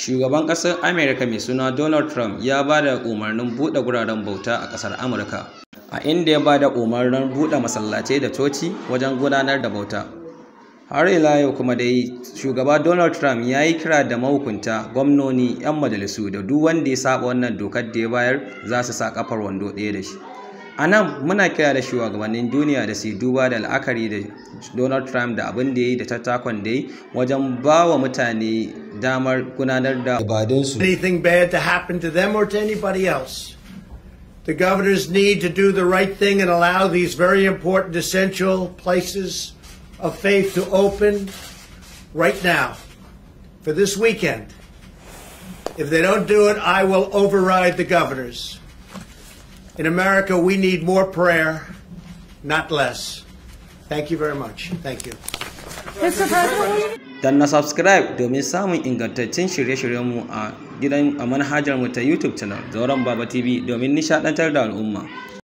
Shugaban ƙasar Amurka mai suna Donald Trump ya ba da umarnin buɗe guraren bauta a ƙasar Amurka, a inda ya ba da umarnin buɗe masallacai da coci wajen gudanar da bauta. Har ila yau kuma dai shugaba Donald Trump ya yi kira da mahukunta, gwamnoni, 'yan majalisu da duk wanda ya saba wannan dokar da ya bayar za su sa kafar wando ɗaya da shi. A nan muna kira da shugabannin duniya da su duba da la'akari da Donald Trump da abin da ya yi da tattakon da ya yi wajen ba wa mutane damar da Anything bad to happen to them or to anybody else. The governors need to do the right thing and allow these very important, essential places of faith to open right now for this weekend. If they don't do it, I will override the governors. In America, we need more prayer, not less. Thank you very much. Thank you. Mr. President. dan na subscribe domin samun ingantaccen shirye-shiryenmu a gidan a manhajar mu ta YouTube channel Zauren Baba TV domin nishadantar da al'umma.